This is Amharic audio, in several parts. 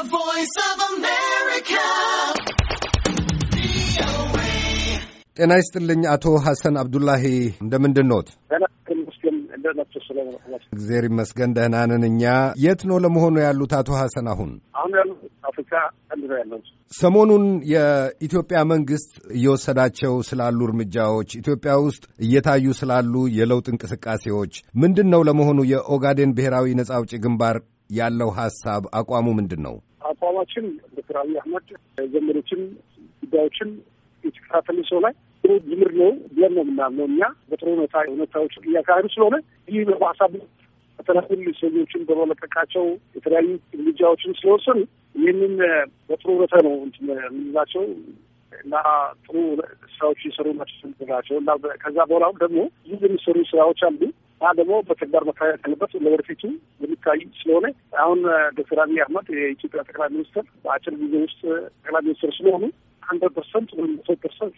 The Voice of America. ጤና ይስጥልኝ አቶ ሐሰን አብዱላሂ እንደምንድን ኖት? እግዚአብሔር ይመስገን ደህና ነን። እኛ የት ነው ለመሆኑ ያሉት አቶ ሐሰን? አሁን አሁን ያሉት አፍሪካ ቀንድ ያለው። ሰሞኑን የኢትዮጵያ መንግስት እየወሰዳቸው ስላሉ እርምጃዎች፣ ኢትዮጵያ ውስጥ እየታዩ ስላሉ የለውጥ እንቅስቃሴዎች ምንድን ነው ለመሆኑ የኦጋዴን ብሔራዊ ነጻ አውጪ ግንባር ያለው ሐሳብ አቋሙ ምንድን ነው? ተቋማችን ዶክተር አብይ አህመድ ዘመዶችን ጉዳዮችን የተከታተሉ ሰው ላይ ጥሩ ጅምር ነው ብለን ነው የምናምነው እኛ በጥሩ ሁኔታ ሁኔታዎች እያካሄዱ ስለሆነ ይህ በሀሳብ ተተናል ሰዎችን በመለቀቃቸው የተለያዩ እርምጃዎችን ስለወሰኑ ይህንን በጥሩ ሁኔታ ነው የምንላቸው እና ጥሩ ስራዎች እየሰሩ ናቸው ስንላቸው እና ከዛ በኋላም ደግሞ ይህ የሚሰሩ ስራዎች አሉ ያ ደግሞ በተግባር መታየት ያለበት ለወደፊቱ የሚታይ ስለሆነ አሁን ዶክተር አብይ አህመድ የኢትዮጵያ ጠቅላይ ሚኒስትር በአጭር ጊዜ ውስጥ ጠቅላይ ሚኒስትር ስለሆኑ አንድ ፐርሰንት ወይም መቶ ፐርሰንት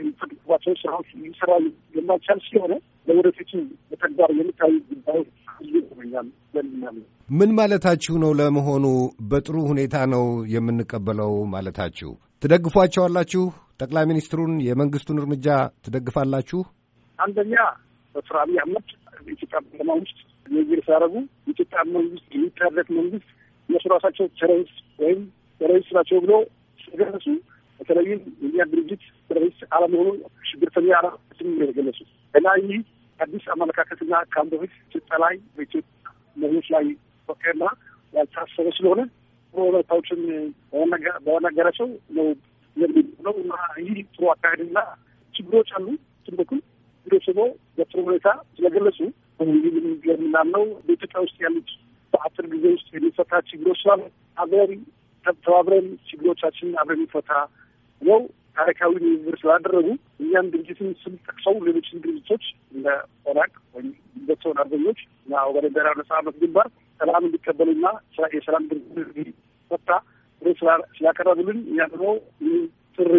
የሚፈልግባቸው ስራዎች ሊሰራ የማይቻል ስለሆነ ለወደፊቱ በተግባር የሚታዩ ጉዳዮች ይገኛል ለምናለ ምን ማለታችሁ ነው? ለመሆኑ በጥሩ ሁኔታ ነው የምንቀበለው ማለታችሁ ትደግፏቸዋላችሁ? ጠቅላይ ሚኒስትሩን የመንግስቱን እርምጃ ትደግፋላችሁ? አንደኛ ዶክተር አብይ አህመድ ኢትዮጵያ ፓርላማ ውስጥ ንግግር ሲያደርጉ የኢትዮጵያ መንግስት የሚታረቅ መንግስት እነሱ ራሳቸው ቴሮሪስት ወይም ቴሮሪስት ናቸው ብሎ ስለገለጹ በተለይም የኛ ድርጅት ቴሮሪስት አለመሆኑን ሽብርተኛ አለስም የተገለጹ እና ይህ አዲስ አመለካከትና ከአንድ በፊት ኢትዮጵያ ላይ በኢትዮጵያ መሪዎች ላይ ወቀና ያልታሰበ ስለሆነ ጥሩ ሁኔታዎችን በመናገራቸው ነው የሚለው እና ይህ ጥሩ አካሄድና ችግሮች አሉ ትን ሄዶ ስቦ በጥሩ ሁኔታ ስለገለጹ የምናምነው በኢትዮጵያ ውስጥ ያሉት በአጭር ጊዜ ውስጥ የሚፈታ ችግሮች ስላሉ አብረን ተባብረን ችግሮቻችን አብረን ይፈታ ነው። ታሪካዊ ንግግር ስላደረጉ እኛም ድርጅትን ስም ጠቅሰው ሌሎችን ድርጅቶች እንደ ኦራቅ ወይም ቤተሰብ አርበኞች እና ወደ ብሔራዊ ነጻነት ግንባር ሰላም እንዲቀበሉና የሰላም ድርጅት ፈታ ስላቀረብልን እኛ ደግሞ ጥሪ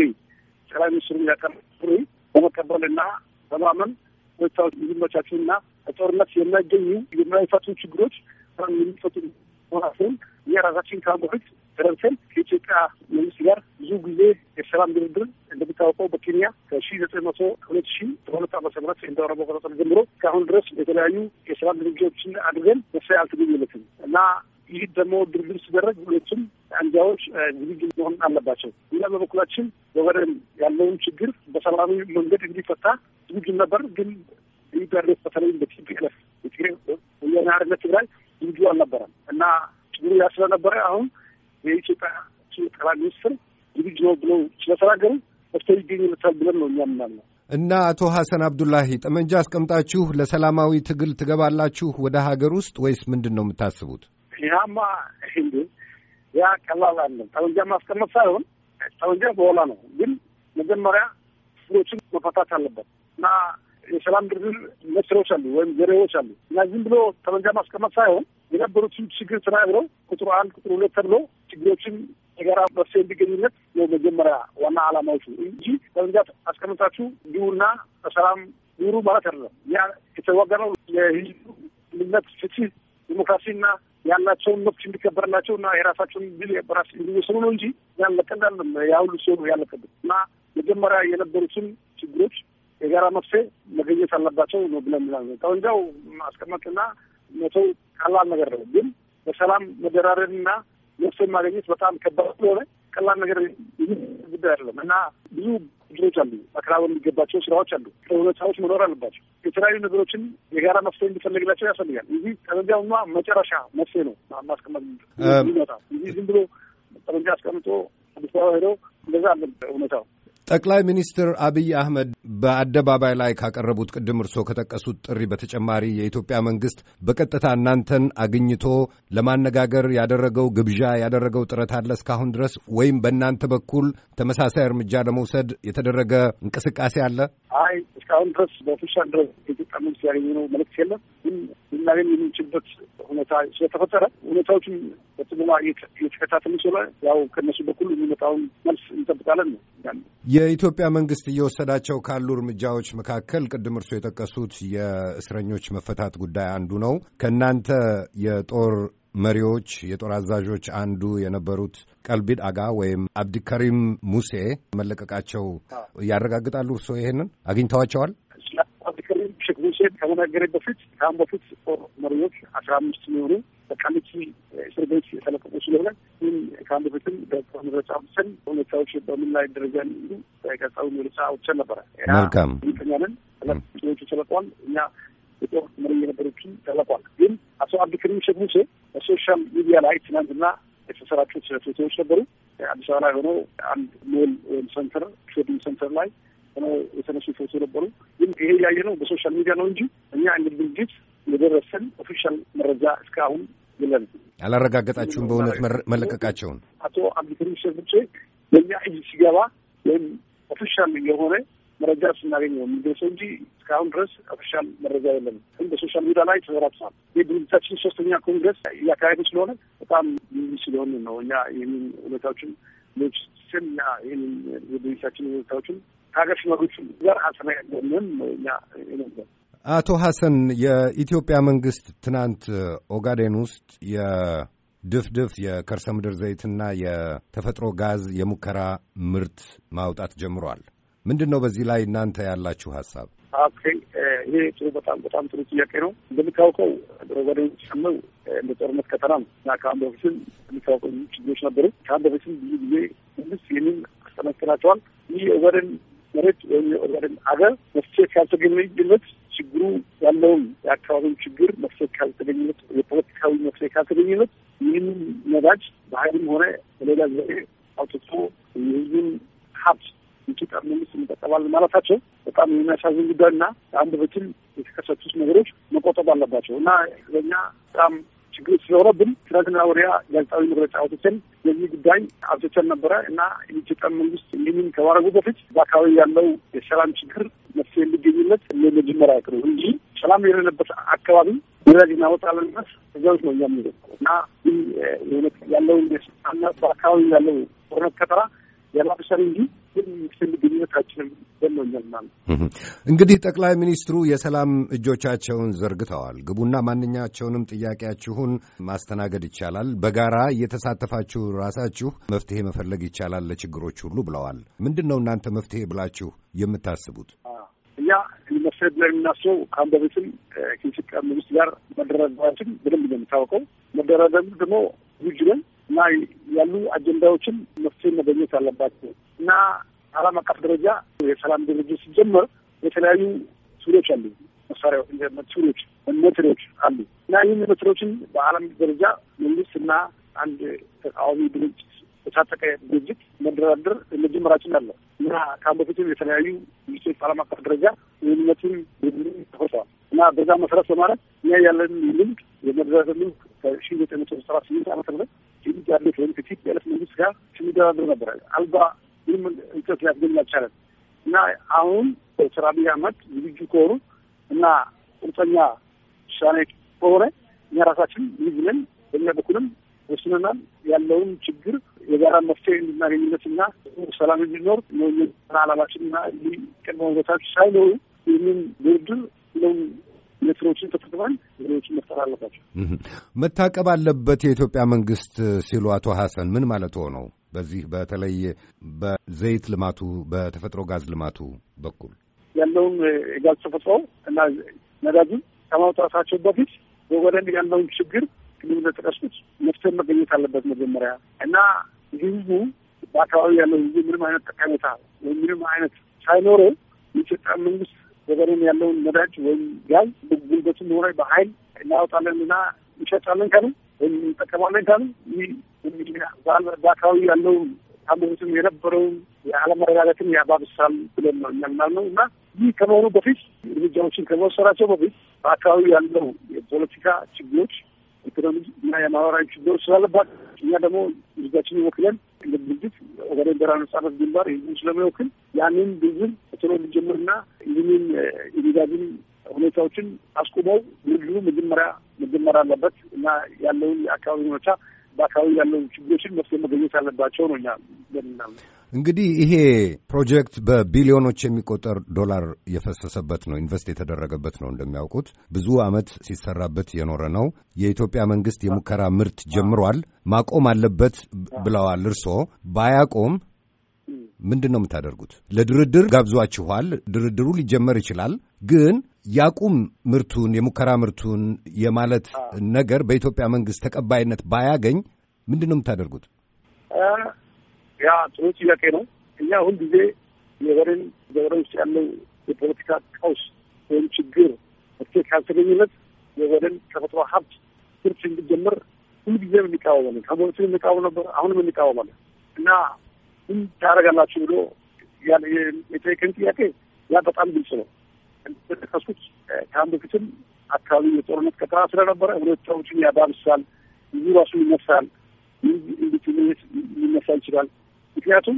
ጠቅላይ ሚኒስትሩ ያቀረቡት ጥሪ በመቀበልና በማመን ሁኔታዎች እንዲመቻቹና ጦርነት የሚያገኙ የማይፈቱ ችግሮች የሚፈቱ መሆናቸውን እኛ ራሳችን ከአሁን ተደርሰን ከኢትዮጵያ መንግስት ጋር ብዙ ጊዜ የሰላም ድርድር እንደሚታወቀው በኬንያ ከሺ ዘጠኝ መቶ ሁለት ሺ በሁለት ዓመተ ምህረት እንደ አውሮፓ አቆጣጠር ጀምሮ እስካሁን ድረስ የተለያዩ የሰላም ድርድሮችን አድርገን መሳይ አልተገኘለትም እና ይህ ደግሞ ድርድር ሲደረግ ሁለቱም አንጃዎች ዝግጅት መሆን አለባቸው። እኛ በበኩላችን በበደን ያለውን ችግር በሰላማዊ መንገድ እንዲፈታ ዝግጁ ነበር። ግን ኢንተርኔት በተለይ በቲፒኤልፍ የትግራይ ሓርነት ትግራይ ዝግጁ አልነበረም እና ችግሩ ያ ስለነበረ አሁን የኢትዮጵያ ጠቅላይ ሚኒስትር ዝግጁ ነው ብለው ስለተናገሩ መፍትሄ ይገኝለታል ብለን ነው እኛ ምናምነው። እና አቶ ሐሰን አብዱላሂ ጠመንጃ አስቀምጣችሁ ለሰላማዊ ትግል ትገባላችሁ ወደ ሀገር ውስጥ ወይስ ምንድን ነው የምታስቡት? ይህማ እንዲ ያ ቀላል አለም ጠመንጃ ማስቀመጥ ሳይሆን ጠመንጃ በኋላ ነው። ግን መጀመሪያ ስሮችን መፈታት አለበት እና የሰላም ድርድር መስሮች አሉ ወይም ዘሬዎች አሉ እና ዝም ብሎ ጠመንጃ ማስቀመጥ ሳይሆን የነበሩትን ችግር ተናግረው ቁጥር አንድ ቁጥር ሁለት ተብሎ ችግሮችን የጋራ መፍትሄ እንዲገኙለት ነው መጀመሪያ ዋና ዓላማዎቹ እንጂ ጠመንጃ አስቀምጣችሁ እንዲሁና በሰላም ኑሩ ማለት አይደለም። ያ የተዋጋ ነው ለህዝቡ ልነት ፍትህ ዲሞክራሲና ያላቸውን መብት እንዲከበርላቸው እና የራሳቸውን ቢል በራስ እንዲወስኑ ነው እንጂ ያለቀን አለም ያሁሉ ሲሆኑ ያለቀብን እና መጀመሪያ የነበሩትን ችግሮች የጋራ መፍትሄ መገኘት አለባቸው ነው ብለን ምናምን ጠመንጃው ማስቀመጥና መተው ቀላል ነገር ነው። ግን በሰላም መደራረድና መፍትሄ ማገኘት በጣም ከባድ ስለሆነ ቀላል ነገር ጉዳይ አይደለም እና ብዙ ችግሮች አሉ፣ መከራ የሚገባቸው ስራዎች አሉ። ሁኔታዎች መኖር አለባቸው። የተለያዩ ነገሮችን የጋራ መፍትሄ እንዲፈለግላቸው ያስፈልጋል። እዚህ ጠመንጃውና መጨረሻ መፍትሄ ነው ማስቀመጥ ይመጣል። እዚህ ዝም ብሎ ጠመንጃ አስቀምጦ አዲስ አበባ ሄደው እንደዛ አለ ሁኔታው ጠቅላይ ሚኒስትር አብይ አህመድ በአደባባይ ላይ ካቀረቡት ቅድም እርስዎ ከጠቀሱት ጥሪ በተጨማሪ የኢትዮጵያ መንግስት በቀጥታ እናንተን አግኝቶ ለማነጋገር ያደረገው ግብዣ ያደረገው ጥረት አለ እስካሁን ድረስ ወይም በእናንተ በኩል ተመሳሳይ እርምጃ ለመውሰድ የተደረገ እንቅስቃሴ አለ? አይ እስካሁን ድረስ በኦፊሻል ድረስ የኢትዮጵያ መንግስት ያገኘነው መልእክት የለም። ግን ልናገኝ የምንችልበት ሁኔታ ስለተፈጠረ ሁኔታዎችን በጥሞና እየተከታተሉ ስለ ያው ከእነሱ በኩል የሚመጣውን መልስ እንጠብቃለን ነው የኢትዮጵያ መንግስት እየወሰዳቸው ካሉ እርምጃዎች መካከል ቅድም እርሶ የጠቀሱት የእስረኞች መፈታት ጉዳይ አንዱ ነው። ከእናንተ የጦር መሪዎች የጦር አዛዦች አንዱ የነበሩት ቀልቢድ አጋ ወይም አብዲከሪም ሙሴ መለቀቃቸው ያረጋግጣሉ። እርሶ ይሄንን አግኝተዋቸዋል? ሴት ከመናገሬ በፊት ከአሁን በፊት መሪዎች አስራ አምስት የሚሆኑ በቃሊቲ እስር ቤት የተለቀቁ ስለሆነ ይህም ከአሁን በፊትም በጽሁፍ መግለጫ አውጥተን ሁኔታዎች በምን ላይ ደረጃ እንዱ በቀጣዩ መግለጫ አውጥተን ነበረ። መልካም ይጠኛለን ሌሎቹ ተለቋል። እኛ የጦር መሪ የነበሮችን ተለቋል። ግን አቶ አብዱከሪም ሙሴ በሶሻል ሚዲያ ላይ ትናንትና የተሰራጩት ፎቶዎች ነበሩ። አዲስ አበባ ላይ ሆነው አንድ ሞል ወይም ሰንተር ሾፒንግ ሰንተር ላይ የተነሱ ፎቶ ነበሩ። ግን ይሄ እያየ ነው በሶሻል ሚዲያ ነው እንጂ እኛ እንደ ድርጅት የደረሰን ኦፊሻል መረጃ እስካሁን የለን። አላረጋገጣችሁም በእውነት መለቀቃቸውን? አቶ አብዱከሪም ሸፍቼ በእኛ እጅ ሲገባ ወይም ኦፊሻል የሆነ መረጃ ስናገኘው ነው የሚደርሰው እንጂ እስካሁን ድረስ ኦፊሻል መረጃ የለም። ግን በሶሻል ሚዲያ ላይ ተዘራብሷል። ይህ ድርጅታችን ሶስተኛ ኮንግረስ እያካሄዱ ስለሆነ በጣም ልዩ ስለሆነ ነው እኛ ይህንን ሁኔታዎችን ሎጅ ስና ይህንን የድርጅታችን ሁኔታዎችን ከሀገር ሽማግሎች ጋር አሰና ያለንም እኛ ነበር። አቶ ሀሰን የኢትዮጵያ መንግስት ትናንት ኦጋዴን ውስጥ የድፍድፍ የከርሰ ምድር ዘይትና የተፈጥሮ ጋዝ የሙከራ ምርት ማውጣት ጀምሯል። ምንድን ነው በዚህ ላይ እናንተ ያላችሁ ሀሳብ? ይሄ ጥሩ በጣም በጣም ጥሩ ጥያቄ ነው። እንደሚታወቀው ኦጋዴን ሲሰመው እንደ ጦርነት ከተናም እና ከአንድ በፊትም የሚታወቀው ችግሮች ነበሩ። ከአንድ በፊትም ብዙ ጊዜ መንግስት ይህንን አስጠነቅናቸዋል። ይህ ኦጋዴን የኦጋዴን አገር መፍትሄ ካልተገኘለት ችግሩ ያለውን የአካባቢውን ችግር መፍትሄ ካልተገኘለት የፖለቲካዊ መፍትሄ ካልተገኘለት ይህንን ነዳጅ በሀይልም ሆነ በሌላ ዘዴ አውጥቶ የህዝብን ሀብት ኢትዮጵያ መንግስት እንጠቀማለን ማለታቸው በጣም የሚያሳዝን ጉዳይ ጉዳይና አንድ በትል የተከሰቱት ነገሮች መቆጠብ አለባቸው እና ለእኛ በጣም ችግር ስለሆነብን ትናንትና ወዲያ ጋዜጣዊ መግለጫ አውጥተን የዚህ ጉዳይ አብተቸን ነበረ እና የኢትዮጵያ መንግስት እንዲህም ከማድረጉ በፊት በአካባቢ ያለው የሰላም ችግር መፍትሄ የሚገኝለት የመጀመሪያ ያቅሩ እንጂ ሰላም የሌለበት አካባቢ ወዳጅ እናወጣለን ድረስ እዚያዎች ነው እኛ የምንገ እና ያለውን የስልጣና በአካባቢ ያለው ጦርነት ከተራ የማብሰር እንጂ ግን ግንኙነታችንም ደኖኛል ማለት እንግዲህ ጠቅላይ ሚኒስትሩ የሰላም እጆቻቸውን ዘርግተዋል። ግቡና ማንኛቸውንም ጥያቄያችሁን ማስተናገድ ይቻላል፣ በጋራ እየተሳተፋችሁ ራሳችሁ መፍትሄ መፈለግ ይቻላል ለችግሮች ሁሉ ብለዋል። ምንድን ነው እናንተ መፍትሄ ብላችሁ የምታስቡት? እኛ መፍትሄ ብለን የምናስበው ከአንድ በፊትም ከኢትዮጵያ መንግስት ጋር መደራደራችን በደንብ ነው የሚታወቀው። መደራደሩ ደግሞ ዝግጁ ነን እና ያሉ አጀንዳዎችን መፍትሄ መገኘት አለባቸው እና ዓለም አቀፍ ደረጃ የሰላም ድርጅት ሲጀመር የተለያዩ ሱሪዎች አሉ፣ መሳሪያ ሱሪዎች፣ መትሪዎች አሉ እና ይህን መትሪዎችን በዓለም ደረጃ መንግስት እና አንድ ተቃዋሚ ድርጅት የታጠቀ ድርጅት መደራደር መጀመራችን አለ እና ከአሁን በፊትም የተለያዩ ድርጅቶች በዓለም አቀፍ ደረጃ ውህንነቱን ተፈርተዋል እና በዛ መሰረት በማለት እኛ ያለን ልምድ የመደራደር ልምድ ከሺ ዘጠኝ መቶ ሰባ ስምንት ዓመተ ምት ከኢትዮጵያ ያለች ወይም ከኢትዮጵያ ያለች መንግስት ጋር ስንደራደር ነበረ። አልባ ምንም እንጨት ሊያስገኝ አልቻለም እና አሁን በስራ አብይ አህመድ ዝግጁ ከሆኑ እና ቁርጠኛ ውሳኔ ከሆነ እኛ ራሳችን ልጅ ነን በእኛ በኩልም ወስነናል። ያለውን ችግር የጋራ መፍትሄ እንድናገኝነትና ሰላም እንዲኖር ነው ዓላማችንና ቅድመ ሁኔታዎች ሳይኖሩ ይህንን ድርድር ለም ሌትሮችን ተጠቅመን ነገሮችን መፍጠር አለባቸው። መታቀብ አለበት የኢትዮጵያ መንግስት ሲሉ አቶ ሀሰን ምን ማለት ሆነው? በዚህ በተለይ በዘይት ልማቱ በተፈጥሮ ጋዝ ልማቱ በኩል ያለውን የጋዝ ተፈጥሮ እና ነዳጁን ከማውጣታቸው በፊት በወደን ያለውን ችግር ቅድም እንደጠቀስኩት መፍትሄ መገኘት አለበት መጀመሪያ እና ህዝቡ በአካባቢ ያለው ህዝቡ ምንም አይነት ጠቀሜታ ወይም ምንም አይነት ሳይኖረው የኢትዮጵያ መንግስት ገበሬም ያለውን ነዳጅ ወይም ጋዝ ጉልበቱም ሆነ በኃይል እናወጣለን እና እንሸጣለን ካሉ ወይም እንጠቀማለን ካሉ ይህ እንግዲህ በአካባቢ ያለው ታምሩትም የነበረውን የአለመረጋጋትን ያባብሳል ብለን ነው የሚያምናል ነው እና ይህ ከመሆኑ በፊት እርምጃዎችን ከመወሰዳቸው በፊት በአካባቢ ያለው የፖለቲካ ችግሮች ኢኮኖሚ እና የማህበራዊ ችግሮች ስላለባት እኛ ደግሞ ህዝባችን ይወክለን እንደ ድርጅት ወገደ ብሔራዊ ነጻነት ግንባር ይህን ስለሚወክል ያንን ድርጅት ፈተናው እንዲጀምርና ይህንን የሜዳግን ሁኔታዎችን አስቁመው ድርድሩ መጀመሪያ መጀመር አለበት እና ያለውን የአካባቢ ሁኔታ በአካባቢ ያለው ችግሮችን መፍትሄ መገኘት አለባቸው ነው እኛ እንደምናምን። እንግዲህ ይሄ ፕሮጀክት በቢሊዮኖች የሚቆጠር ዶላር የፈሰሰበት ነው፣ ኢንቨስት የተደረገበት ነው። እንደሚያውቁት ብዙ ዓመት ሲሰራበት የኖረ ነው። የኢትዮጵያ መንግስት የሙከራ ምርት ጀምሯል። ማቆም አለበት ብለዋል እርስዎ። ባያቆም ምንድን ነው የምታደርጉት? ለድርድር ጋብዟችኋል። ድርድሩ ሊጀመር ይችላል። ግን ያቁም ምርቱን የሙከራ ምርቱን የማለት ነገር በኢትዮጵያ መንግስት ተቀባይነት ባያገኝ ምንድን ነው የምታደርጉት? ያ ጥሩ ጥያቄ ነው። እኛ ሁል ጊዜ የበሬን ገበሬ ውስጥ ያለው የፖለቲካ ቀውስ ወይም ችግር መፍትሄ ካልተገኘለት የበሬን ተፈጥሮ ሀብት ምርት እንዲጀምር ሁልጊዜም የሚቃወመ ከሞቱ የሚቃወም ነበር፣ አሁንም የሚቃወማለን እና ምን ታደርጋላችሁ ብሎ የጠየቀን ጥያቄ ያ በጣም ግልጽ ነው። እንደጠቀስኩት ከአንድ በፊትም አካባቢ የጦርነት ቀጠና ስለነበረ ሁኔታዎችን ያባብሳል፣ ብዙ ራሱ ይነሳል፣ እንዴት ሊነሳ ይችላል? ምክንያቱም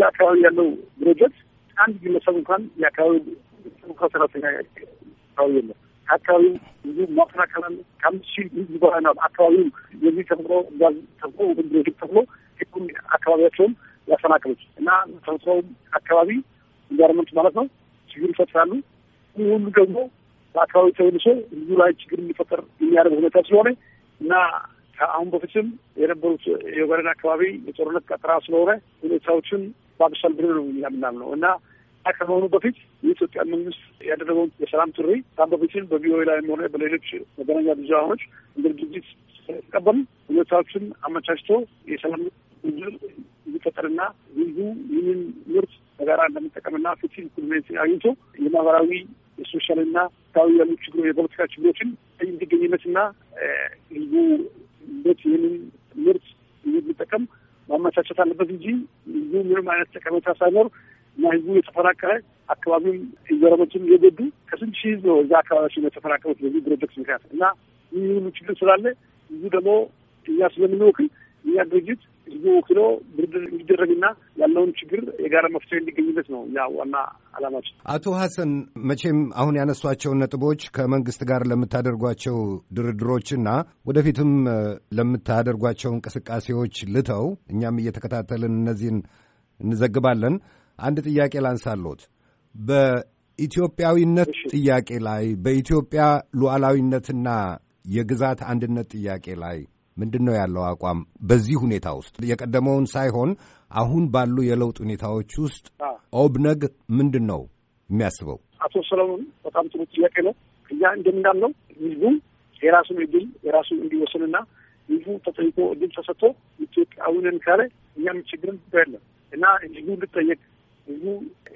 ያ አካባቢ ያለው ፕሮጀክት አንድ ግለሰብ እንኳን የአካባቢ እንኳን ሰራተኛ አካባቢ የለም። ከአካባቢው ብዙ ማጠናከላል ከአምስት ሺህ ህዝብ በኋላ አካባቢው የዚህ ተፈጥሮ ጋዝ ተብሎ ፕሮጀክት ተብሎ አካባቢያቸውም ያፈናቅሉት እና ተፈጥሮው አካባቢ ኢንቫይሮመንት ማለት ነው ችግር ይፈጥራሉ። ይህ ሁሉ ደግሞ በአካባቢ ተመልሶ ብዙ ላይ ችግር እንዲፈጠር የሚያደርግ ሁኔታ ስለሆነ እና ከአሁን በፊትም የነበሩት የኦጋዴን አካባቢ የጦርነት ቀጠራ ስለሆነ ሁኔታዎችን ባብሳል ብሎ ነው ያምናል ነው እና ከመሆኑ በፊት የኢትዮጵያ መንግስት ያደረገውን የሰላም ጥሪ ከአሁን በፊትም በቪኦኤ ላይ ሆነ በሌሎች መገናኛ ብዙሃኖች እንደ ድርጅት ተቀበሉ ሁኔታዎችን አመቻችቶ የሰላም እንዲፈጠርና ህዝቡ ይህንን ምርት በጋራ እንደምጠቀምና ፍትህ ኢኮኖሚያዊ አግኝቶ የማህበራዊ የሶሻልና ታዊ ያሉ ችግሮ የፖለቲካ ችግሮችን እንዲገኝነትና ህዝቡ እንዴት ይህንን ምርት እንዲጠቀም ማመቻቸት አለበት እንጂ ህዝቡ ምንም አይነት ጠቀሜታ ሳይኖር እና ህዝቡ የተፈናቀለ አካባቢውም እየረመችም እየጎዱ ከስንት ሺህ ህዝብ ነው እዛ አካባቢ የተፈናቀሉት በዚህ ፕሮጀክት ምክንያት እና ይህ ሁሉ ችግር ስላለ ህዝቡ ደግሞ እኛ ስለምንወክል እኛ ድርጅት ህዝቡ ወክሎ ድርድር እንዲደረግና ያለውን ችግር የጋራ መፍትሄ እንዲገኝበት ነው እኛ ዋና አላማችን። አቶ ሀሰን መቼም አሁን ያነሷቸውን ነጥቦች ከመንግስት ጋር ለምታደርጓቸው ድርድሮችና ወደፊትም ለምታደርጓቸው እንቅስቃሴዎች ልተው እኛም እየተከታተልን እነዚህን እንዘግባለን። አንድ ጥያቄ ላንሳሎት በኢትዮጵያዊነት ጥያቄ ላይ በኢትዮጵያ ሉዓላዊነትና የግዛት አንድነት ጥያቄ ላይ ምንድን ነው ያለው አቋም በዚህ ሁኔታ ውስጥ የቀደመውን ሳይሆን አሁን ባሉ የለውጥ ሁኔታዎች ውስጥ ኦብነግ ምንድን ነው የሚያስበው? አቶ ሰለሞን በጣም ጥሩ ጥያቄ ነው። እኛ እንደምናምነው ህዝቡ የራሱን እድል የራሱ እንዲወስንና ህዝቡ ተጠይቆ እድል ተሰጥቶ ኢትዮጵያዊንን ካለ እኛም ችግርም ያለ እና ህዝቡ እንድጠየቅ ህዝቡ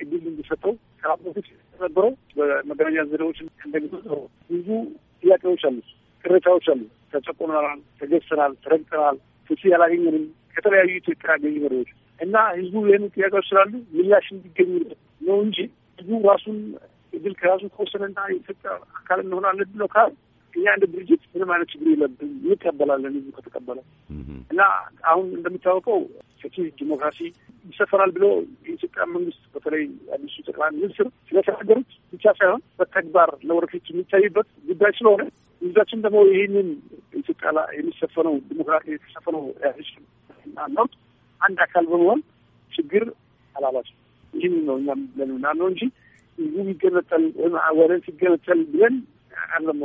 እድል እንዲሰጠው ከአብ በፊት ነበረው በመገናኛ ዘዴዎች እንደሚሰሩ ህዝቡ ጥያቄዎች አሉ፣ ቅሬታዎች አሉ። ተጨቁነናል፣ ተገፍሰናል፣ ተረግጠናል፣ ፍትህ ያላገኘንም ከተለያዩ ኢትዮጵያ ገዢ መሪዎች እና ህዝቡ ይህን ጥያቄዎች ስላሉ ምላሽ እንዲገኙ ነው እንጂ ህዝቡ ራሱን እድል ከራሱ ከወሰነና የኢትዮጵያ አካል እንሆናለን ብሎ ካል እኛ እንደ ድርጅት ምንም አይነት ችግር የለብን እንቀበላለን። ህዝቡ ከተቀበለ እና አሁን እንደሚታወቀው ፍትህ፣ ዲሞክራሲ ይሰፈራል ብሎ የኢትዮጵያ መንግስት በተለይ አዲሱ ጠቅላይ ሚኒስትር ስለተናገሩት ብቻ ሳይሆን በተግባር ለወደፊት የሚታይበት ጉዳይ ስለሆነ ህዝባችን ደግሞ ይህንን ኢትዮጵያ ላይ የሚሰፈነው ዲሞክራሲ የተሰፈነው ያሽና ለውጥ አንድ አካል በመሆን ችግር አላላች ይህን ነው እኛ ብለን ምናለው እንጂ ይህ ይገነጠል ወይም ወደን ሲገነጠል ብለን አለም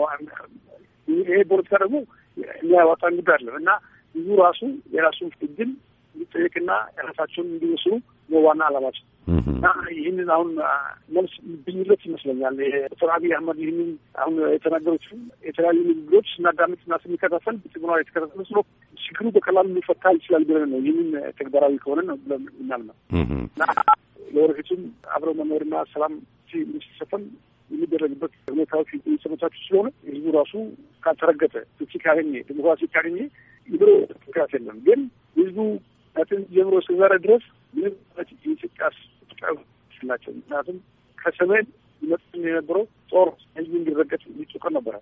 ይሄ ፖለቲካ ደግሞ የሚያዋጣን ጉዳይ አለም እና ህዝቡ ራሱ የራሱን እድል እንዲጠየቅና የራሳቸውን እንዲወስኑ ነው ዋና አላማቸው። እና ይህንን አሁን መልስ ብኝለት ይመስለኛል ዶክተር አብይ አህመድ ይህንን አሁን የተናገሩት የተለያዩ ንግግሮች ስናዳምጥ እና ስንከታተል ጥቅምና የተከታተል መስሎ ችግሩ በቀላሉ ሊፈታ ይችላል ብለን ነው ይህንን ተግባራዊ ከሆነ ነው ብለን ነው እና ለወደፊቱም አብረው መኖርና ሰላም ሲሰፈን የሚደረግበት ሁኔታዎች የተመቻቹ ስለሆነ ህዝቡ ራሱ ካልተረገጠ ፍቺ ካገኘ ዲሞክራሲ ካገኘ ይብሮ ትክራት የለም ግን ህዝቡ ትን ጀምሮ እስከዛሬ ድረስ ምንም ኢትዮጵያስ ስላቸው ምክንያቱም ከሰሜን ይመጡም የነበረው ጦር ህዝቡ እንዲረገጥ ሊጮቀ ነበረ።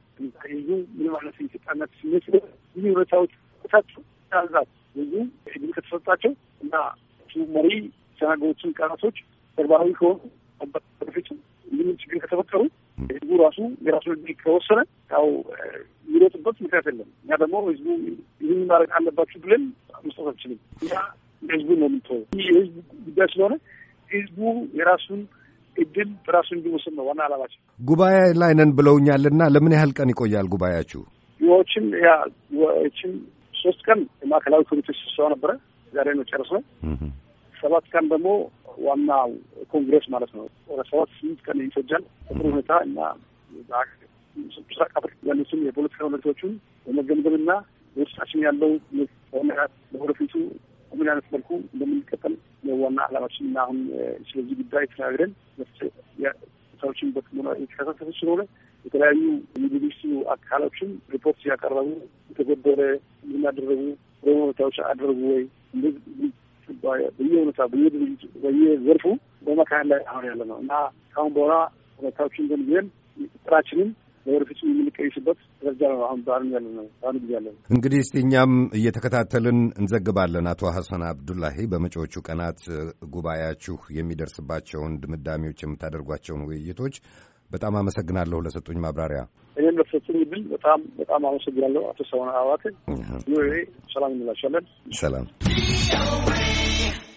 ህዝቡ ምንም አይነት የኢትዮጵያነት ስሜት ስለ ይህ ሁኔታዎች ታቸው ያዛት ህዝቡ ህግም ከተሰጣቸው እና መሪ ተናገሮችን ቃላቶች ተግባራዊ ከሆኑ በፊት ይህንን ችግር ከተፈጠሩ ህዝቡ ራሱ የራሱ ህግ ከወሰነ ያው የሚሮጥበት ምክንያት የለም። እኛ ደግሞ ህዝቡ ይህን ማድረግ አለባችሁ ብለን መስጠት አንችልም። ያ ህዝቡ ነው የምንተወው። ይህ የህዝቡ ጉዳይ ስለሆነ ህዝቡ የራሱን እድል በራሱ እንዲወስድ ነው ዋና አላማችን። ጉባኤ ላይ ነን ብለውኛልና ለምን ያህል ቀን ይቆያል ጉባኤያችሁ? ይዎችን ያ ይችን ሶስት ቀን የማዕከላዊ ኮሚቴ ስብሰባ ነበረ። ዛሬ ነው ጨርስ ነው። ሰባት ቀን ደግሞ ዋናው ኮንግሬስ ማለት ነው። ወደ ሰባት ስምንት ቀን ይፈጃል። ጥሩ ሁኔታ እና ሳቃፍር ያሉትን የፖለቲካ ሁኔታዎቹን በመገምገምና በውስጣችን ያለው ሆነ ለወደፊቱ በምን አይነት መልኩ እንደምንቀጠል ዋና አላማችን እና አሁን ስለዚህ ጉዳይ ተናግረን ሰዎችን በጥሞና የተከታተሉ ስለሆነ የተለያዩ የዩኒቨርሲቲ አካሎችን ሪፖርት ሲያቀረቡ የተገደረ የምናደረጉ ሁኔታዎች አደረጉ ወይ በየሁኔታ በየድርጅቱ በየዘርፉ በመካከል ላይ አሁን ያለ ነው እና ካሁን በኋላ ሁኔታዎችን ገንዘን ጥራችንን ለወደፊቱ የምንቀይስበት ደረጃ ነው። አሁን በአሁኑ ያለ ነው። በአሁኑ ጊዜ ያለ ነው። እንግዲህ እስቲ እኛም እየተከታተልን እንዘግባለን። አቶ ሀሰን አብዱላሂ፣ በመጪዎቹ ቀናት ጉባኤያችሁ የሚደርስባቸውን ድምዳሜዎች፣ የምታደርጓቸውን ውይይቶች በጣም አመሰግናለሁ ለሰጡኝ ማብራሪያ። እኔም ለተሰጡኝ ብል በጣም በጣም አመሰግናለሁ አቶ ሰሆነ አዋክ ሰላም እንላሻለን። ሰላም